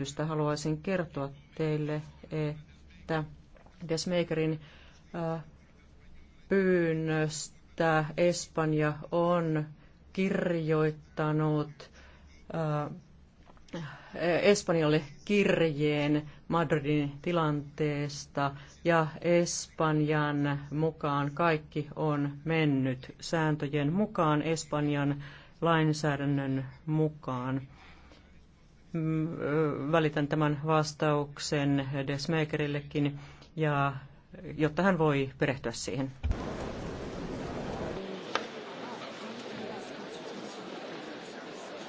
syystä haluaisin kertoa teille, että Desmakerin pyynnöstä Espanja on kirjoittanut Espanjalle kirjeen Madridin tilanteesta ja Espanjan mukaan kaikki on mennyt sääntöjen mukaan, Espanjan lainsäädännön mukaan välitän tämän vastauksen Desmakerillekin, ja, jotta hän voi perehtyä siihen.